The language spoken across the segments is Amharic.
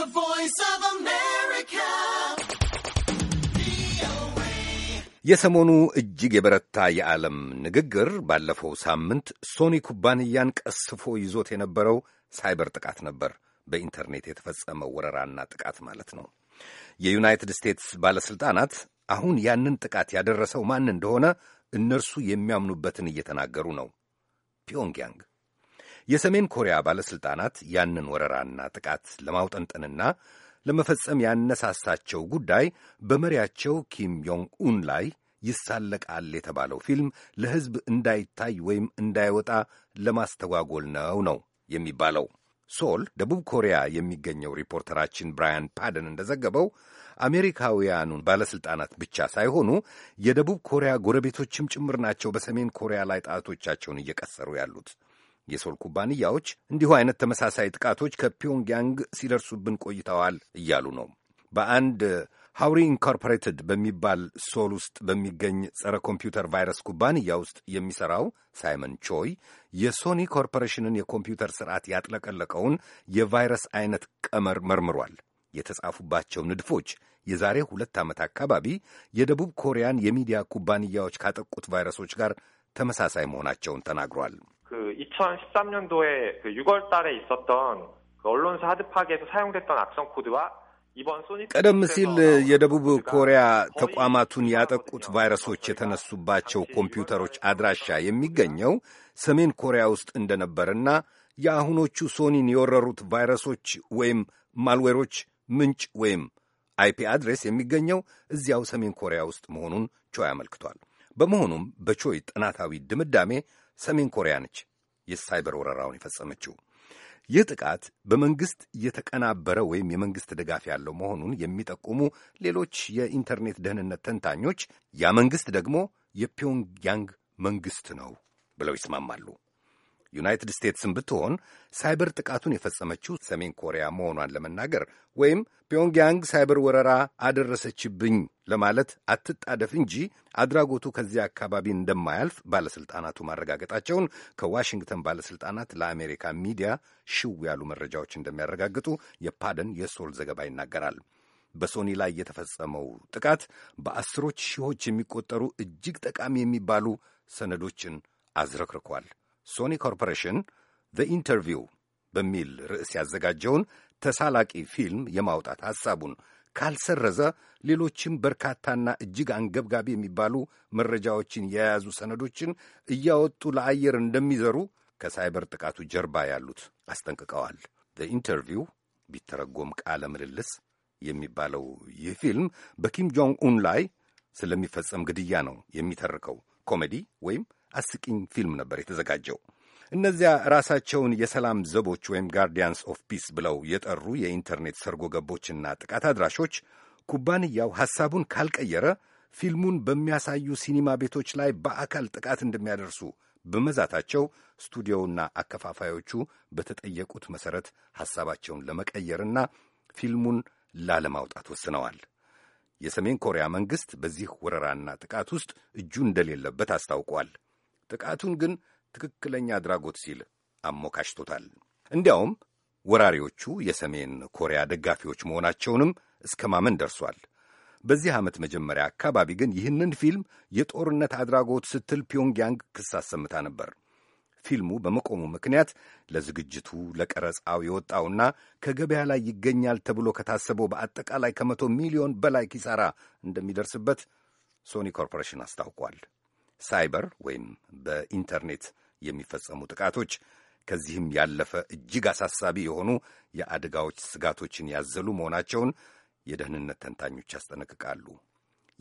The Voice of America. የሰሞኑ እጅግ የበረታ የዓለም ንግግር ባለፈው ሳምንት ሶኒ ኩባንያን ቀስፎ ይዞት የነበረው ሳይበር ጥቃት ነበር። በኢንተርኔት የተፈጸመ ወረራና ጥቃት ማለት ነው። የዩናይትድ ስቴትስ ባለሥልጣናት አሁን ያንን ጥቃት ያደረሰው ማን እንደሆነ እነርሱ የሚያምኑበትን እየተናገሩ ነው። ፒዮንግያንግ የሰሜን ኮሪያ ባለሥልጣናት ያንን ወረራና ጥቃት ለማውጠንጠንና ለመፈጸም ያነሳሳቸው ጉዳይ በመሪያቸው ኪም ዮንግ ኡን ላይ ይሳለቃል የተባለው ፊልም ለሕዝብ እንዳይታይ ወይም እንዳይወጣ ለማስተጓጎል ነው ነው የሚባለው። ሶል ደቡብ ኮሪያ የሚገኘው ሪፖርተራችን ብራያን ፓደን እንደዘገበው አሜሪካውያኑን ባለሥልጣናት ብቻ ሳይሆኑ የደቡብ ኮሪያ ጎረቤቶችም ጭምር ናቸው በሰሜን ኮሪያ ላይ ጣቶቻቸውን እየቀሰሩ ያሉት። የሶል ኩባንያዎች እንዲሁ አይነት ተመሳሳይ ጥቃቶች ከፒዮንግያንግ ሲደርሱብን ቆይተዋል እያሉ ነው። በአንድ ሀውሪ ኢንኮርፖሬትድ በሚባል ሶል ውስጥ በሚገኝ ጸረ ኮምፒውተር ቫይረስ ኩባንያ ውስጥ የሚሠራው ሳይመን ቾይ የሶኒ ኮርፖሬሽንን የኮምፒውተር ስርዓት ያጥለቀለቀውን የቫይረስ አይነት ቀመር መርምሯል። የተጻፉባቸው ንድፎች የዛሬ ሁለት ዓመት አካባቢ የደቡብ ኮሪያን የሚዲያ ኩባንያዎች ካጠቁት ቫይረሶች ጋር ተመሳሳይ መሆናቸውን ተናግሯል። 그 2013년도에 그 6월 달에 있었던 그 언론사 하드파기에서 사용됐던 악성 코드와 이번 소니 ቀደም ሲል የደቡብ ኮሪያ ተቋማቱን ያጠቁት ቫይረሶች የተነሱባቸው ኮምፒውተሮች አድራሻ የሚገኘው ሰሜን ኮሪያ ውስጥ እንደነበርና የአሁኖቹ ሶኒን የወረሩት ቫይረሶች ወይም ማልዌሮች ምንጭ ወይም አይፒ አድሬስ የሚገኘው እዚያው ሰሜን ኮሪያ ውስጥ መሆኑን ቾይ አመልክቷል። በመሆኑም በቾይ ጥናታዊ ድምዳሜ ሰሜን ኮሪያ ነች የሳይበር ወረራውን የፈጸመችው። ይህ ጥቃት በመንግሥት የተቀናበረ ወይም የመንግሥት ድጋፍ ያለው መሆኑን የሚጠቁሙ ሌሎች የኢንተርኔት ደህንነት ተንታኞች ያ መንግሥት ደግሞ የፒዮንግያንግ መንግሥት ነው ብለው ይስማማሉ። ዩናይትድ ስቴትስም ብትሆን ሳይበር ጥቃቱን የፈጸመችው ሰሜን ኮሪያ መሆኗን ለመናገር ወይም ፒዮንግያንግ ሳይበር ወረራ አደረሰችብኝ ለማለት አትጣደፍ እንጂ አድራጎቱ ከዚያ አካባቢ እንደማያልፍ ባለሥልጣናቱ ማረጋገጣቸውን ከዋሽንግተን ባለሥልጣናት ለአሜሪካ ሚዲያ ሽው ያሉ መረጃዎች እንደሚያረጋግጡ የፓደን የሶል ዘገባ ይናገራል። በሶኒ ላይ የተፈጸመው ጥቃት በአስሮች ሺዎች የሚቆጠሩ እጅግ ጠቃሚ የሚባሉ ሰነዶችን አዝረክርኳል። ሶኒ ኮርፖሬሽን ኢንተርቪው በሚል ርዕስ ያዘጋጀውን ተሳላቂ ፊልም የማውጣት ሐሳቡን ካልሰረዘ ሌሎችም በርካታና እጅግ አንገብጋቢ የሚባሉ መረጃዎችን የያዙ ሰነዶችን እያወጡ ለአየር እንደሚዘሩ ከሳይበር ጥቃቱ ጀርባ ያሉት አስጠንቅቀዋል። በኢንተርቪው ቢተረጎም ቃለ ምልልስ የሚባለው ይህ ፊልም በኪም ጆንግ ኡን ላይ ስለሚፈጸም ግድያ ነው የሚተርከው። ኮሜዲ ወይም አስቂኝ ፊልም ነበር የተዘጋጀው። እነዚያ ራሳቸውን የሰላም ዘቦች ወይም ጋርዲያንስ ኦፍ ፒስ ብለው የጠሩ የኢንተርኔት ሰርጎ ገቦችና ጥቃት አድራሾች ኩባንያው ሐሳቡን ካልቀየረ ፊልሙን በሚያሳዩ ሲኒማ ቤቶች ላይ በአካል ጥቃት እንደሚያደርሱ በመዛታቸው ስቱዲዮውና አከፋፋዮቹ በተጠየቁት መሠረት ሐሳባቸውን ለመቀየርና ፊልሙን ላለማውጣት ወስነዋል። የሰሜን ኮሪያ መንግሥት በዚህ ወረራና ጥቃት ውስጥ እጁ እንደሌለበት አስታውቋል። ጥቃቱን ግን ትክክለኛ አድራጎት ሲል አሞካሽቶታል። እንዲያውም ወራሪዎቹ የሰሜን ኮሪያ ደጋፊዎች መሆናቸውንም እስከ ማመን ደርሷል። በዚህ ዓመት መጀመሪያ አካባቢ ግን ይህንን ፊልም የጦርነት አድራጎት ስትል ፒዮንግያንግ ክስ አሰምታ ነበር። ፊልሙ በመቆሙ ምክንያት ለዝግጅቱ ለቀረጻው የወጣውና ከገበያ ላይ ይገኛል ተብሎ ከታሰበው በአጠቃላይ ከመቶ ሚሊዮን በላይ ኪሳራ እንደሚደርስበት ሶኒ ኮርፖሬሽን አስታውቋል። ሳይበር ወይም በኢንተርኔት የሚፈጸሙ ጥቃቶች ከዚህም ያለፈ እጅግ አሳሳቢ የሆኑ የአደጋዎች ስጋቶችን ያዘሉ መሆናቸውን የደህንነት ተንታኞች ያስጠነቅቃሉ።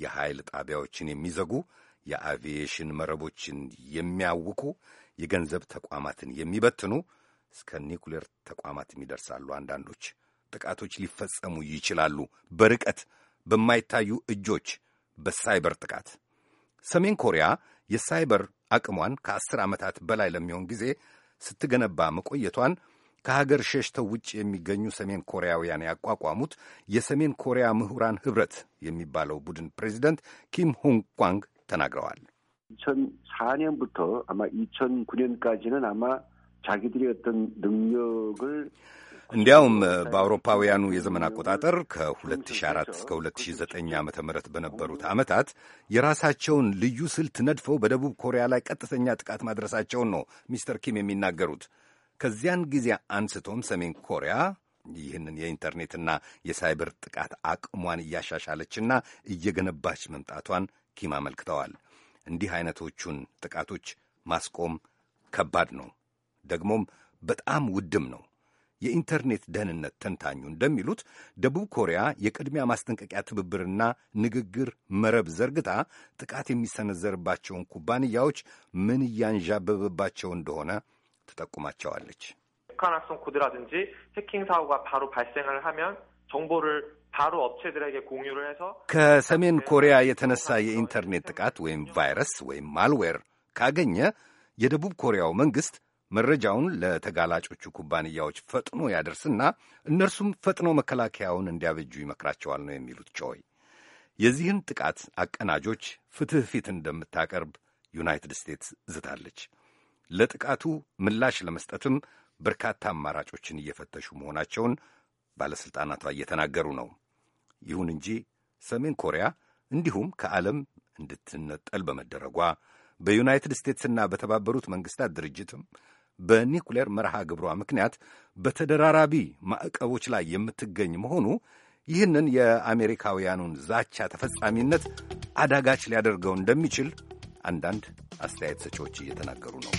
የኃይል ጣቢያዎችን የሚዘጉ፣ የአቪዬሽን መረቦችን የሚያውኩ፣ የገንዘብ ተቋማትን የሚበትኑ እስከ ኒውክሌር ተቋማት የሚደርሳሉ። አንዳንዶች ጥቃቶች ሊፈጸሙ ይችላሉ፣ በርቀት በማይታዩ እጆች፣ በሳይበር ጥቃት ሰሜን ኮሪያ የሳይበር አቅሟን ከአስር ዓመታት በላይ ለሚሆን ጊዜ ስትገነባ መቆየቷን ከሀገር ሸሽተው ውጭ የሚገኙ ሰሜን ኮሪያውያን ያቋቋሙት የሰሜን ኮሪያ ምሁራን ህብረት የሚባለው ቡድን ፕሬዚደንት ኪም ሆንግ ኳንግ ተናግረዋል። 2004년부터 아마 2009년까지는 아마 자기들이 어떤 능력을 እንዲያውም በአውሮፓውያኑ የዘመን አቆጣጠር ከ2004 እስከ 2009 ዓ ም በነበሩት ዓመታት የራሳቸውን ልዩ ስልት ነድፈው በደቡብ ኮሪያ ላይ ቀጥተኛ ጥቃት ማድረሳቸውን ነው ሚስተር ኪም የሚናገሩት። ከዚያን ጊዜ አንስቶም ሰሜን ኮሪያ ይህንን የኢንተርኔትና የሳይበር ጥቃት አቅሟን እያሻሻለችና እየገነባች መምጣቷን ኪም አመልክተዋል። እንዲህ አይነቶቹን ጥቃቶች ማስቆም ከባድ ነው፣ ደግሞም በጣም ውድም ነው። የኢንተርኔት ደህንነት ተንታኙ እንደሚሉት ደቡብ ኮሪያ የቅድሚያ ማስጠንቀቂያ ትብብርና ንግግር መረብ ዘርግታ ጥቃት የሚሰነዘርባቸውን ኩባንያዎች ምን እያንዣበበባቸው እንደሆነ ትጠቁማቸዋለች። ከሰሜን ኮሪያ የተነሳ የኢንተርኔት ጥቃት ወይም ቫይረስ ወይም ማልዌር ካገኘ የደቡብ ኮሪያው መንግሥት መረጃውን ለተጋላጮቹ ኩባንያዎች ፈጥኖ ያደርስና እነርሱም ፈጥኖ መከላከያውን እንዲያበጁ ይመክራቸዋል ነው የሚሉት ጮይ። የዚህን ጥቃት አቀናጆች ፍትሕ ፊት እንደምታቀርብ ዩናይትድ ስቴትስ ዝታለች። ለጥቃቱ ምላሽ ለመስጠትም በርካታ አማራጮችን እየፈተሹ መሆናቸውን ባለሥልጣናቷ እየተናገሩ ነው። ይሁን እንጂ ሰሜን ኮሪያ እንዲሁም ከዓለም እንድትነጠል በመደረጓ በዩናይትድ ስቴትስና በተባበሩት መንግሥታት ድርጅትም በኒኩሌር መርሃ ግብሯ ምክንያት በተደራራቢ ማዕቀቦች ላይ የምትገኝ መሆኑ ይህንን የአሜሪካውያኑን ዛቻ ተፈጻሚነት አዳጋች ሊያደርገው እንደሚችል አንዳንድ አስተያየት ሰጪዎች እየተናገሩ ነው።